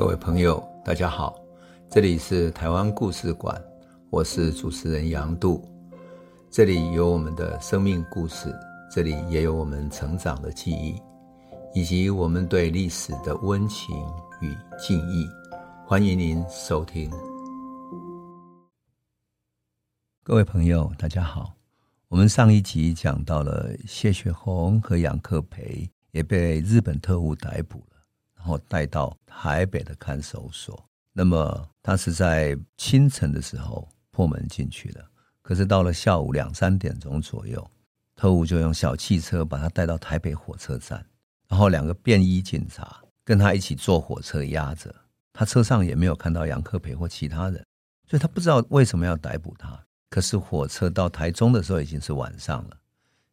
各位朋友，大家好，這裡是台灣故事館，我是主持人楊度，這裡有我們的生命故事，這裡也有我們成長的記憶，以及我們對歷史的溫情與敬意。歡迎您收聽。各位朋友，大家好，我們上一集講到了謝雪紅和楊克培也被日本特務逮捕。然後帶到台北的看守所，那麼他是在清晨的時候破門進去的，可是到了下午兩三點鐘左右，特務就用小汽車把他帶到台北火車站，然後兩個便衣警察跟他一起坐火車押着。他車上也沒有看到楊克培或其他人，所以他不知道為什麼要逮捕他。可是火車到台中的時候已經是晚上了，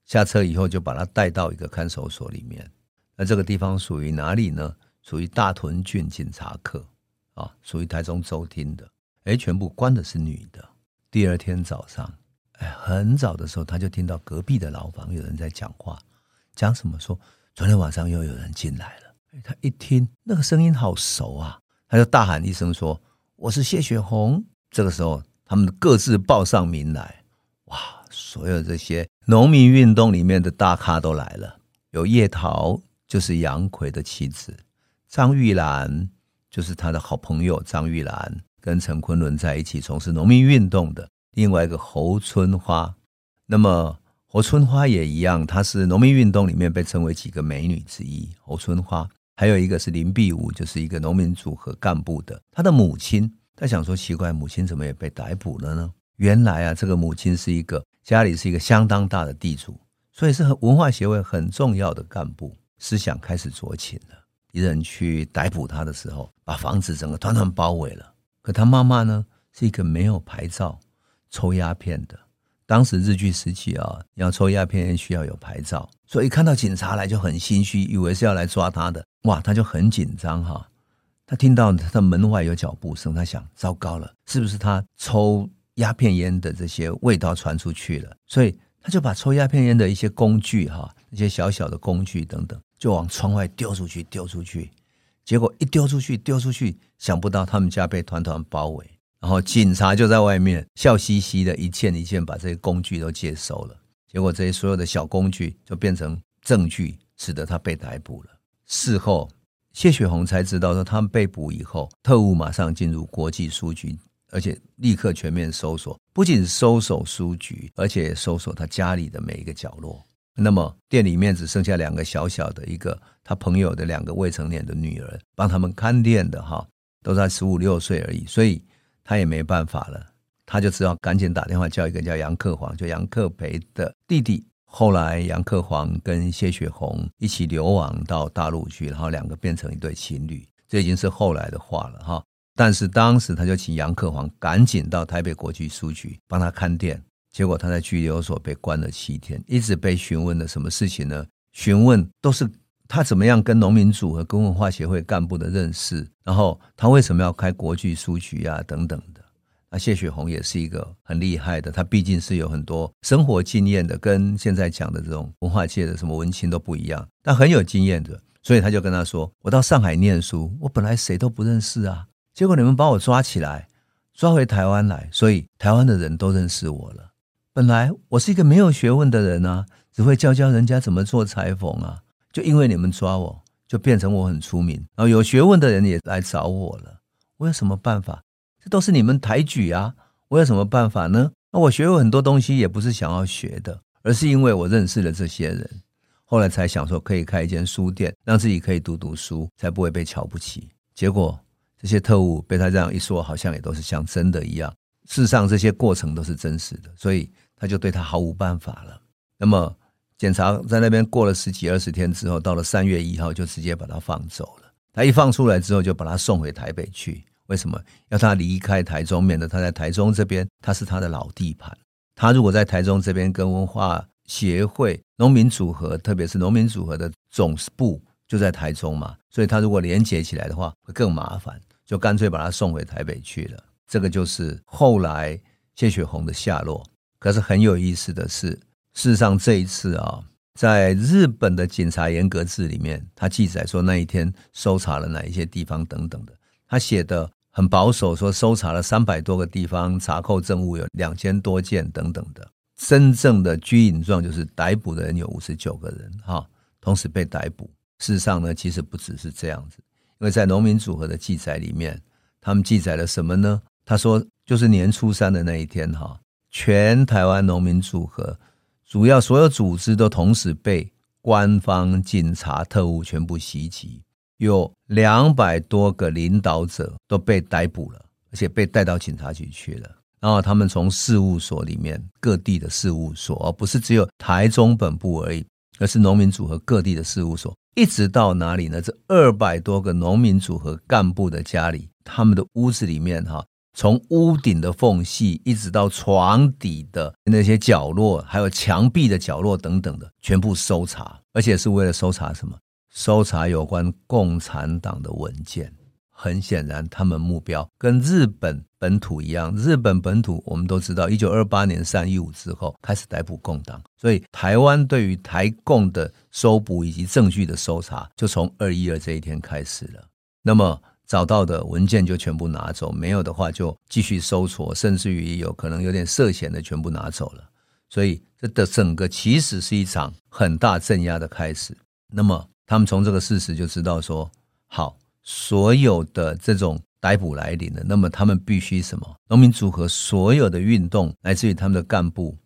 下車以後就把他帶到一個看守所裡面。那這個地方屬於哪裡呢？屬於大屯郡警察課啊，屬於台中州廳的。誒、欸，全部關的是女的。第二天早上，哎、欸，很早的時候，他就聽到隔壁的牢房有人在講話，講什麼？說昨天晚上又有人進來了、欸。他一聽那個聲音好熟啊，他就大喊一聲說：“我是謝雪紅。”這個時候，他們各自報上名來。哇，所有這些農民運動裡面的大咖都來了，有葉陶，就是楊逵的妻子。張玉蘭就是他的好朋友，張玉蘭跟陳昆崙在一起從事農民運動的。另外一個侯春花，那麼侯春花也一樣，她是農民運動裡面被稱為幾個美女之一。侯春花還有一個是林碧梧，就是一個農民組合幹部的。他的母親，他想說奇怪，母親怎麼也被逮捕了呢？原來啊，這個母親是一個家裡是一個相當大的地主，所以是很文化協會很重要的幹部，思想開始左傾了。敵人去逮捕他的時候，把房子整個團團包圍了。可他媽媽呢，是一個沒有牌照抽鴉片的。當時日據時期啊、哦，要抽鴉片煙需要有牌照，所以看到警察來就很心虛，以為是要來抓他的。哇，他就很緊張哈、哦。他聽到他的門外有腳步聲，他想：糟糕了，是不是他抽鴉片煙的這些味道傳出去了？所以他就把抽鴉片煙的一些工具哈、哦，一些小小的工具等等。就往窗外丟出去，丟出去，結果一丟出去，丟出去，想不到他們家被團團包圍，然後警察就在外面笑嘻嘻的，一件一件把這些工具都接收了。結果這些所有的小工具就變成證據，使得他被逮捕了。事後謝雪紅才知道說，他們被捕以後，特務馬上進入國際書局，而且立刻全面搜索，不僅搜索書局，而且搜索他家裡的每一個角落。那麼店裡面只剩下兩個小小的，一個他朋友的兩個未成年的女兒幫他們看店的哈，都在十五六歲而已，所以他也沒辦法了，他就只好趕緊打電話叫一個叫楊克煌，就楊克培的弟弟。後來楊克煌跟謝雪紅一起流亡到大陸去，然後兩個變成一對情侶，這已經是後來的話了哈。但是當時他就請楊克煌趕緊到台北國際書局幫他看店。結果他在拘留所被關了七天，一直被詢問的什麼事情呢？詢問都是他怎麼樣，跟農民組合跟文化協會幹部的認識，然後他為什麼要開國際書局啊等等的。那謝雪紅也是一個很厲害的，他畢竟是有很多生活經驗的，跟現在講的這種文化界的什麼文青都不一樣，但很有經驗的，所以他就跟他說：“我到上海念書，我本來誰都不認識啊，結果你們把我抓起來，抓回台灣來，所以台灣的人都認識我了。”本來我是一個沒有學問的人啊，只會教教人家怎麼做裁縫啊。就因為你們抓我，就變成我很出名，然後有學問的人也來找我了。我有什麼辦法？這都是你們抬舉啊！我有什麼辦法呢？那我學了很多東西也不是想要學的，而是因為我認識了這些人，後來才想說可以開一間書店，讓自己可以讀讀書，才不會被瞧不起。結果這些特務被他這樣一說，好像也都是像真的一樣。事實上，這些過程都是真實的，所以。他就對他毫無辦法了。那麼，檢察在那邊過了十幾二十天之後，到了三月一號，就直接把他放走了。他一放出來之後，就把他送回台北去。為什麼要他離開台中？免得他在台中這邊，他是他的老地盤。他如果在台中這邊跟文化協會、農民組合，特別是農民組合的總部就在台中嘛，所以他如果連接起來的話，會更麻煩。就乾脆把他送回台北去了。這個就是後來謝雪紅的下落。可是很有意思的是，事實上這一次啊、哦，在日本的警察沿革誌裡面，他記載說那一天搜查了哪一些地方等等的，他寫得很保守，說搜查了三百多個地方，查扣證物有兩千多件等等的。真正的拘引狀就是逮捕的人有五十九個人哈，同時被逮捕。事實上呢，其實不只是這樣子，因為在農民組合的記載裡面，他們記載了什麼呢？他說，就是年初三的那一天哈。全台灣農民組合主要所有組織都同時被官方警察特務全部襲擊，有兩百多個領導者都被逮捕了，而且被帶到警察局去了。然後他們從事務所裡面各地的事務所，而不是只有台中本部而已，而是農民組合各地的事務所，一直到哪裡呢？這二百多個農民組合幹部的家裡，他們的屋子裡面哈。從屋頂的縫隙一直到床底的那些角落，還有牆壁的角落等等的，全部搜查，而且是為了搜查什麼？搜查有關共產黨的文件。很顯然，他們目標跟日本本土一樣。日本本土我們都知道，一九二八年三一五之後開始逮捕共黨，所以台灣對於台共的搜捕以及證據的搜查，就從二一二這一天開始了。那麼，找到的文件就全部拿走，沒有的話就繼續搜索，甚至於有可能有點涉嫌的全部拿走了。所以，這的整個其實是一場很大鎮壓的開始。那麼，他們從這個事實就知道說，好，所有的這種逮捕來臨了，那麼他們必須什麼？農民組合所有的運動來自於他們的幹部，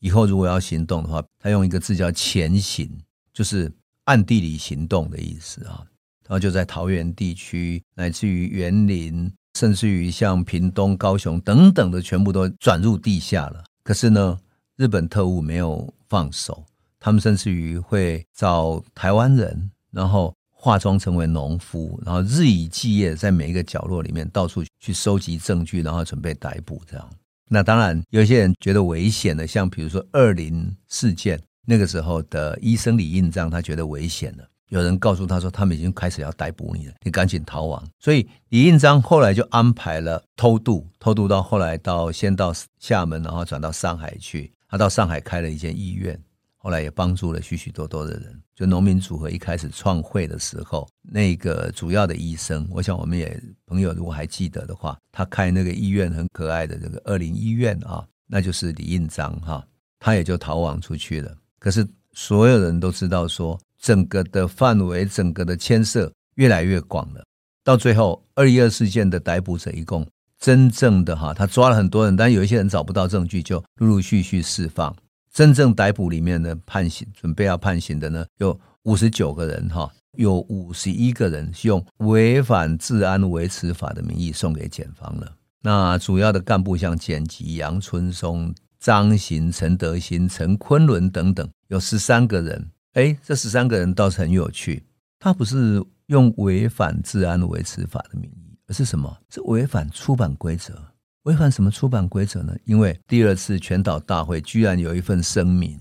以後如果要行動的話，他用一個字叫“潛行”，就是暗地裡行動的意思啊。然後就在桃園地區，乃至於員林，甚至於像屏東、高雄等等的，全部都轉入地下了。可是呢，日本特務沒有放手，他們甚至於會找台灣人，然後化妝成為農夫，然後日以繼夜在每一個角落裡面到處去收集證據，然後準備逮捕這樣。那當然，有些人覺得危險的，像比如說二林事件那個時候的醫生李應章，他覺得危險了。有人告訴他說，他們已經開始要逮捕你了，你趕緊逃亡。所以李應章後來就安排了偷渡，偷渡到後來到先到廈門，然後轉到上海去。他到上海開了一間醫院，後來也幫助了許許多多的人。就農民組合一開始創會的時候，那個主要的醫生，我想我們也朋友如果還記得的話，他開那個醫院很可愛的這個二零醫院啊，那就是李應章哈，他也就逃亡出去了。可是所有人都知道說，整個的範圍，整個的牽涉越來越廣了。到最後，二一二事件的逮捕者一共，真正的哈，他抓了很多人，但有一些人找不到證據，就陸陸續續釋放。真正逮捕裡面呢，判刑，準備要判刑的呢，有五十九個人哈，有五十一個人用違反治安維持法的名義送給檢方了。那主要的幹部像簡吉、楊春松、張行、陳德興、陳昆崙等等，有十三個人。哎，這十三個人倒是很有趣。他不是用違反治安維持法的名義，而是什麼？是違反出版規則。違反什麼出版規則呢？因為第二次全島大會居然有一份聲明，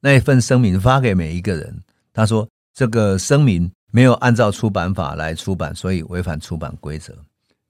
那一份聲明發給每一個人。他說這個聲明沒有按照出版法來出版，所以違反出版規則。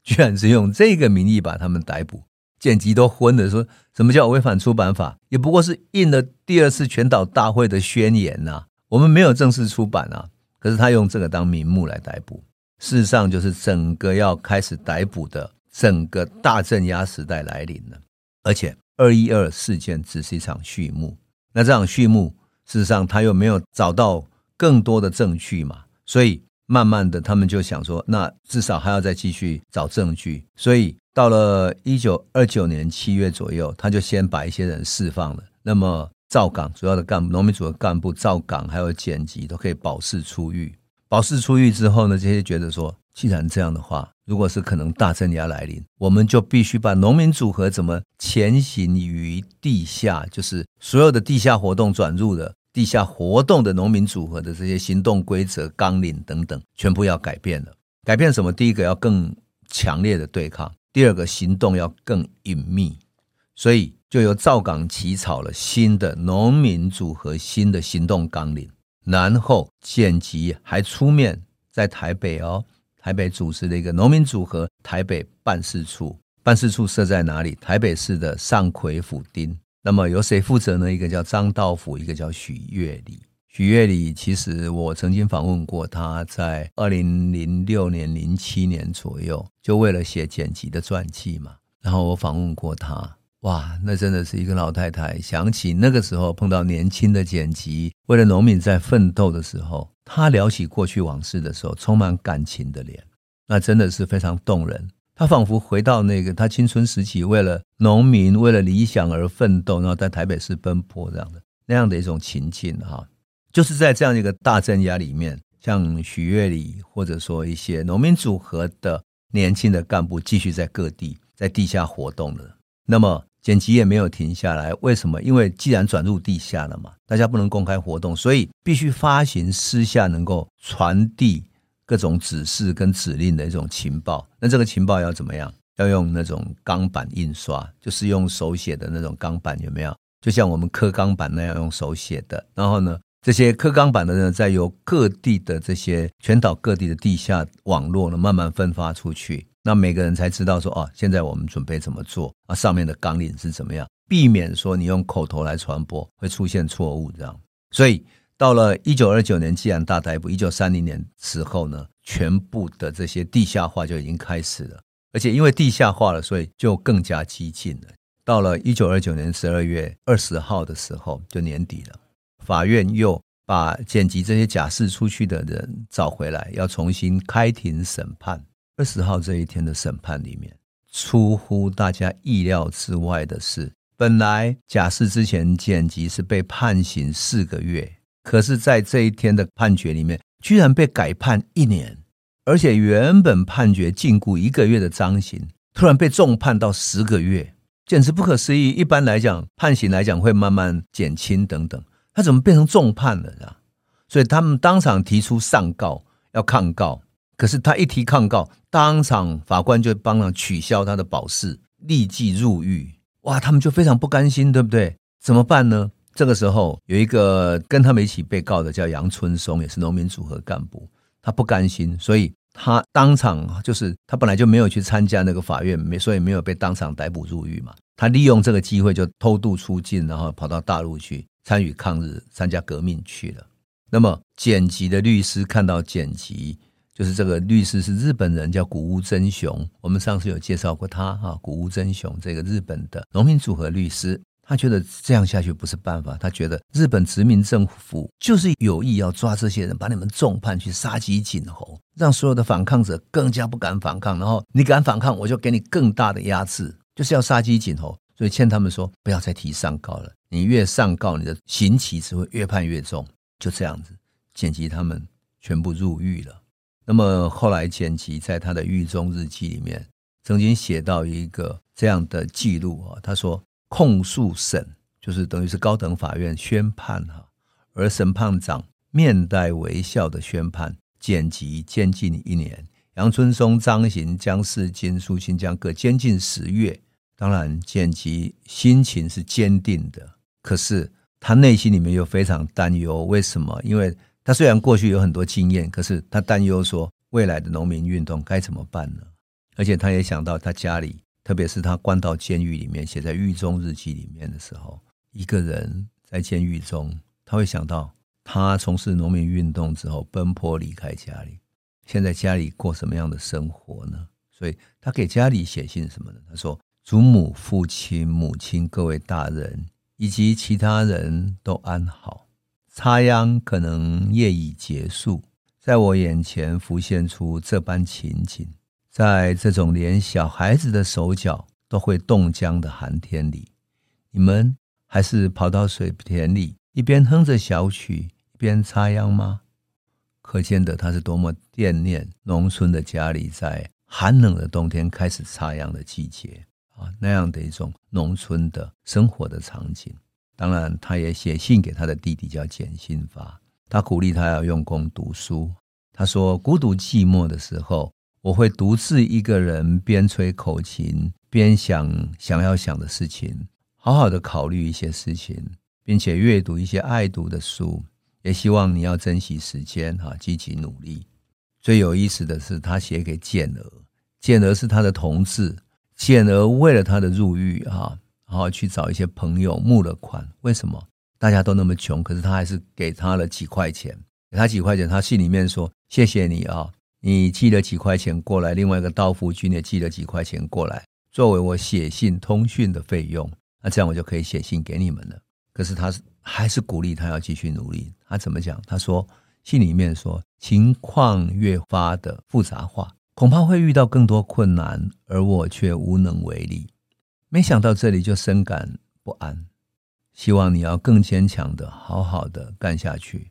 居然是用這個名義把他們逮捕，簡直都昏了。說什麼叫違反出版法？也不過是印了第二次全島大會的宣言吶、啊。我們沒有正式出版啊，可是他用這個當名目來逮捕，事實上就是整個要開始逮捕的整個大鎮壓時代來臨了。而且二一二事件只是一場序幕，那這場序幕事實上他又沒有找到更多的證據嘛，所以慢慢的他們就想說，那至少還要再繼續找證據。所以到了一九二九年七月左右，他就先把一些人釋放了。那麼。趙港主要的部幹部、農民組的幹部趙港，還有簡吉都可以保釋出獄。保釋出獄之後呢，這些覺得說，既然這樣的話，如果是可能大鎮壓來臨，我們就必須把農民組合怎麼潛行於地下，就是所有的地下活動轉入的地下活動的農民組合的這些行動規則、綱領等等，全部要改變了。改變什麼？第一個要更強烈的對抗，第二個行動要更隱秘。所以就由趙港起草了新的農民組合新的行動綱領，然後簡吉還出面在台北哦，台北組織了一個農民組合台北辦事處，辦事處設在哪裡？台北市的上奎府町。那麼由誰負責呢？一個叫張道甫，一個叫許月里。許月里其實我曾經訪問過他，在二零零六年、零七年左右，就為了寫簡吉的傳記嘛，然後我訪問過他。哇，那真的是一個老太太想起那個時候碰到年輕的簡吉，為了農民在奮鬥的時候，她聊起過去往事的時候，充滿感情的臉，那真的是非常動人。她仿佛回到那個她青春時期，為了農民、為了理想而奮鬥，然後在台北市奔波這樣的那樣的一種情境哈、哦，就是在這樣一個大鎮壓裡面，像許月里或者說一些農民組合的年輕的幹部，繼續在各地在地下活動的，那麼。剪輯也沒有停下來，為什麼？因為既然轉入地下了嘛，大家不能公開活動，所以必須發行私下能夠傳遞各種指示跟指令的一種情報。那這個情報要怎麼樣？要用那種鋼板印刷，就是用手寫的那種鋼板，有沒有？就像我們刻鋼板那樣用手寫的。然後呢，這些刻鋼板的呢，再由各地的這些全島各地的地下網絡呢，慢慢分發出去。那每個人才知道說哦、啊，現在我們準備怎麼做啊？上面的綱領是怎麼樣？避免說你用口頭來傳播會出現錯誤這樣。所以到了一九二九年，既然大逮捕，一九三零年時候呢，全部的這些地下化就已經開始了，而且因為地下化了，所以就更加激進了。到了一九二九年十二月二十號的時候，就年底了，法院又把檢舉這些假釋出去的人找回來，要重新開庭審判。二十號這一天的審判裡面，出乎大家意料之外的是，本來簡吉之前減刑是被判刑四個月，可是，在這一天的判決裡面，居然被改判一年，而且原本判決禁錮一個月的張行，突然被重判到十個月，簡直不可思議。一般來講，判刑來講會慢慢減輕等等，他怎麼變成重判了呢？所以他們當場提出上告，要抗告。可是他一提抗告，當場法官就幫他取消他的保釋，立即入獄。哇，他們就非常不甘心，對不對？怎麼辦呢？這個時候有一個跟他們一起被告的叫楊春松，也是農民組合幹部，他不甘心，所以他當場就是他本來就沒有去參加那個法院，沒，所以沒有被當場逮捕入獄嘛。他利用這個機會就偷渡出境，然後跑到大陸去參與抗日、參加革命去了。那麼簡吉的律師看到簡吉就是這個律師是日本人，叫古屋真雄。我們上次有介紹過他哈，古屋真雄這個日本的農民組合律師，他覺得這樣下去不是辦法。他覺得日本殖民政府就是有意要抓這些人，把你們重判去殺雞儆猴，讓所有的反抗者更加不敢反抗。然後你敢反抗，我就給你更大的壓制，就是要殺雞儆猴。所以勸他們說不要再提上告了，你越上告，你的刑期只會越判越重。就這樣子，剪輯他們全部入獄了。那麼後來，簡吉在他的獄中日記裡面曾經寫到一個這樣的記錄啊，他說：“控訴審就是等於是高等法院宣判哈、啊，而審判長面帶微笑的宣判，簡吉監禁一年，楊春松、張行、江世金、蘇清江各監禁十月。當然，簡吉心情是堅定的，可是他內心裡面又非常擔憂，為什麼？因為。”他雖然過去有很多經驗，可是他擔憂說未來的農民運動該怎麼辦呢？而且他也想到他家裡，特別是他關到監獄裡面，寫在獄中日記裡面的時候，一個人在監獄中，他會想到他從事農民運動之後，奔波離開家裡，現在家裡過什麼樣的生活呢？所以他給家裡寫信什麼呢？他說：“祖母、父親、母親、各位大人以及其他人都安好。”插秧可能業已結束，在我眼前浮現出這般情景。在這種連小孩子的手腳都會凍僵的寒天裡，你們還是跑到水田裡，一邊哼着小曲一邊插秧嗎？可見得他是多麼惦念農村的家裡，在寒冷的冬天開始插秧的季節啊，那樣的一種農村的生活的場景。當然，他也寫信給他的弟弟叫簡心法。他鼓勵他要用功讀書。他說，孤獨寂寞的時候，我會獨自一個人邊吹口琴邊想想要想的事情，好好的考慮一些事情，並且閱讀一些愛讀的書。也希望你要珍惜時間，哈，積極努力。最有意思的是，他寫給簡娥，簡娥是他的同志，簡娥為了他的入獄，哈。然後去找一些朋友募了款，為什麼大家都那麼窮？可是他還是給他了幾塊錢，給他幾塊錢。他信裡面說：“謝謝你啊、哦，你寄了幾塊錢過來，另外一個道夫君也寄了幾塊錢過來，作為我寫信通訊的費用。那這樣我就可以寫信給你們了。可是他還是鼓勵他要繼續努力。他怎麼講？他說信裡面說：情況越發的複雜化，恐怕會遇到更多困難，而我卻無能為力。”沒想到這裡就深感不安，希望你要更堅強的，好好的幹下去。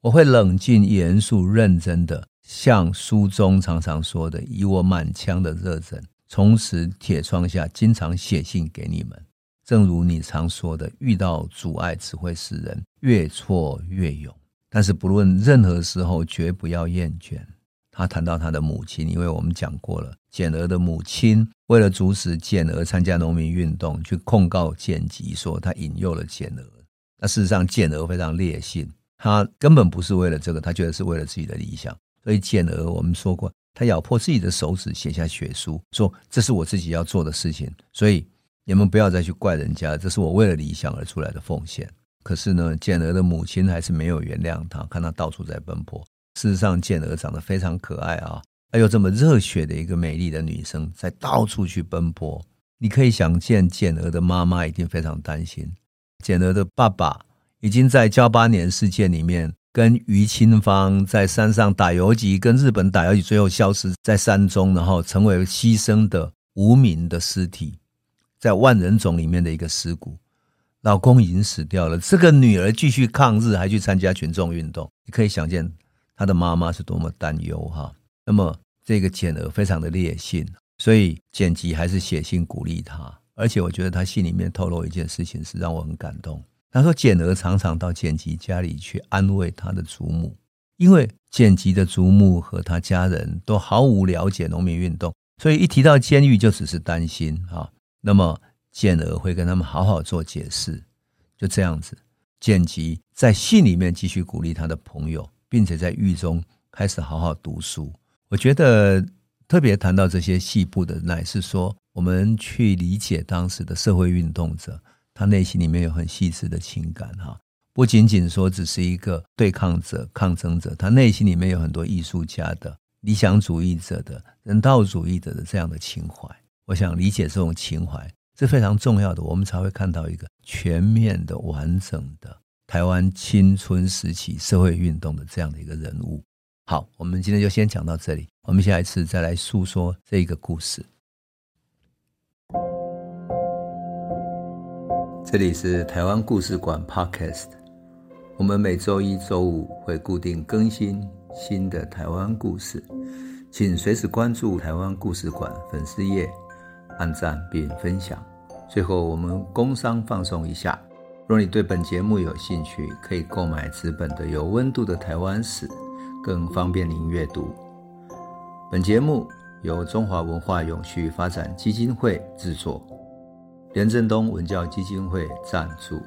我會冷靜、嚴肅、認真的，像書中常常說的，以我滿腔的熱忱，從此鐵窗下經常寫信給你們。正如你常說的，遇到阻礙只會使人越挫越勇。但是不論任何時候，絕不要厭倦。他談到他的母親，因為我們講過了，簡娥的母親為了阻止簡娥參加農民運動，去控告簡吉，說他引誘了簡娥。那事實上，簡娥非常烈性，他根本不是為了這個，他覺得是為了自己的理想。所以，簡娥我們說過，他咬破自己的手指寫下血書，說這是我自己要做的事情。所以，你們不要再去怪人家，這是我為了理想而出來的奉獻。可是呢，簡娥的母親還是沒有原諒他，看他到處在奔波。事實上，簡娥長得非常可愛啊、哦！還有這麼熱血的一個美麗的女生，在到處去奔波。你可以想見，簡娥的媽媽一定非常擔心。簡娥的爸爸已經在“噍吧哖事件”裡面跟余清芳在山上打游擊，跟日本打游擊，最後消失在山中，然後成為犧牲的無名的屍體，在萬人冢裡面的一個屍骨。老公已經死掉了，這個女兒繼續抗日，還去參加群眾運動。你可以想見。他的媽媽是多麼擔憂哈、啊！那麼這個簡娥非常的烈性，所以簡吉還是寫信鼓勵他。而且我覺得他信裡面透露一件事情是讓我很感動。他說：“簡娥常常到簡吉家裡去安慰他的祖母，因為簡吉的祖母和他家人都毫無了解農民運動，所以一提到監獄就只是擔心哈、啊，那麼簡娥會跟他們好好做解釋，就這樣子。簡吉在信裡面繼續鼓勵他的朋友。”並且在獄中開始好好讀書。我覺得特別談到這些細部的，乃是說，我們去理解當時的社會運動者，他內心裡面有很細緻的情感哈，不僅僅說只是一個對抗者、抗爭者，他內心裡面有很多藝術家的理想主義者的人道主義者的這樣的情懷。我想理解這種情懷是非常重要的，我們才會看到一個全面的、完整的。台灣青春時期社會運動的這樣的一個人物。好，我們今天就先講到這裡。我們下一次再來訴說這個故事。這裡是台灣故事館 Podcast，我們每周一、周五會固定更新新的台灣故事，請隨時關注台灣故事館粉絲頁，按讚並分享。最後，我們工商放鬆一下。若你對本節目有興趣，可以購買紙本的《有溫度的台灣史》，更方便您閱讀。本節目由中華文化永續發展基金會制作，連震東文教基金會贊助。